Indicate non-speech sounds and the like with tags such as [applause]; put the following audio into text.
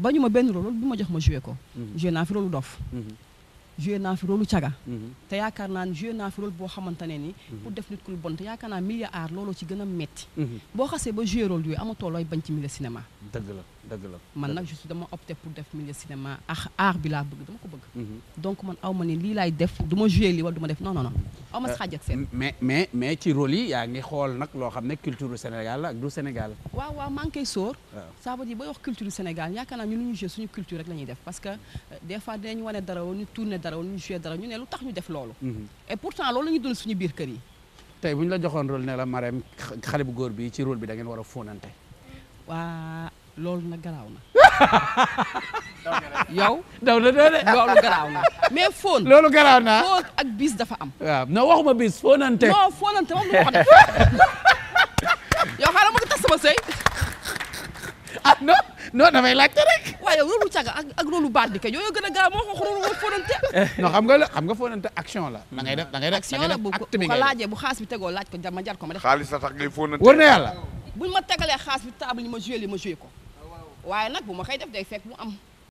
ba ñu ma benn rôle bi ma jox ma joué ko. joué naa fi dof. joué naa fi rôle mhm. caga. Mhm. te yaakaar naa ne joué naa boo xamante ne ni. Mhm. pour def nit ku bon te yaakaar naa milliard loolu ci gën a metti. boo xasee ba joué rôle yooyu amatoo looy bañ ci milieu cinéma. dëgg la dëgg la man nag juste dama opté pour def milieu cinéma ak art bi laa bëgg dama ko bëgg. donc man aw ma ne lii laay def du ma joué lii wala du ma def non non Omas xaaj ak seen. mais mais mais ci rôle yi yaa ngi xool nag loo xam ne culture du Sénégal la ak du Sénégal. waaw waaw maa ngi koy sóor. waaw ça veut dire booy wax culture du Sénégal yaakaar naa ñu lu ñu joué suñu culture rek la ñuy def parce que des fois dinañu wane dara woon ñu tourné dara woon ñu joué dara ñu ne lu tax ñu def loolu. et pourtant loolu la ñuy dund suñu biir kër yi. tey bu ñu la joxoon rôle ne la Marème xale bu góor bi ci rôle bi da ngeen war a fóonante. waa loolu nag garaaw na. yow. daw na doole [laughs] loolu garaaw na mais fóon loolu garaaw na ak biis dafa am waaw non waxuma bis fóonante non fóonante [laughs] ma ko tas sama sëy ah non non damay laajte rek waaye loolu caga ak ak loolu baat bi kay yooyu gën a garaaw moo wax loolu fóonante [laughs] non xam nga la xam nga fóonante action la da ngay def da ngay def action la bu ko bu xaas bi tegoo laaj ko ma jar ko ma def xaalis sa tax ngay fóonante wër na yàlla buñ ma tegalee xaas bi table yi ma joué li ma joué ko ah, waaye nag bu ma koy def day fekk mu am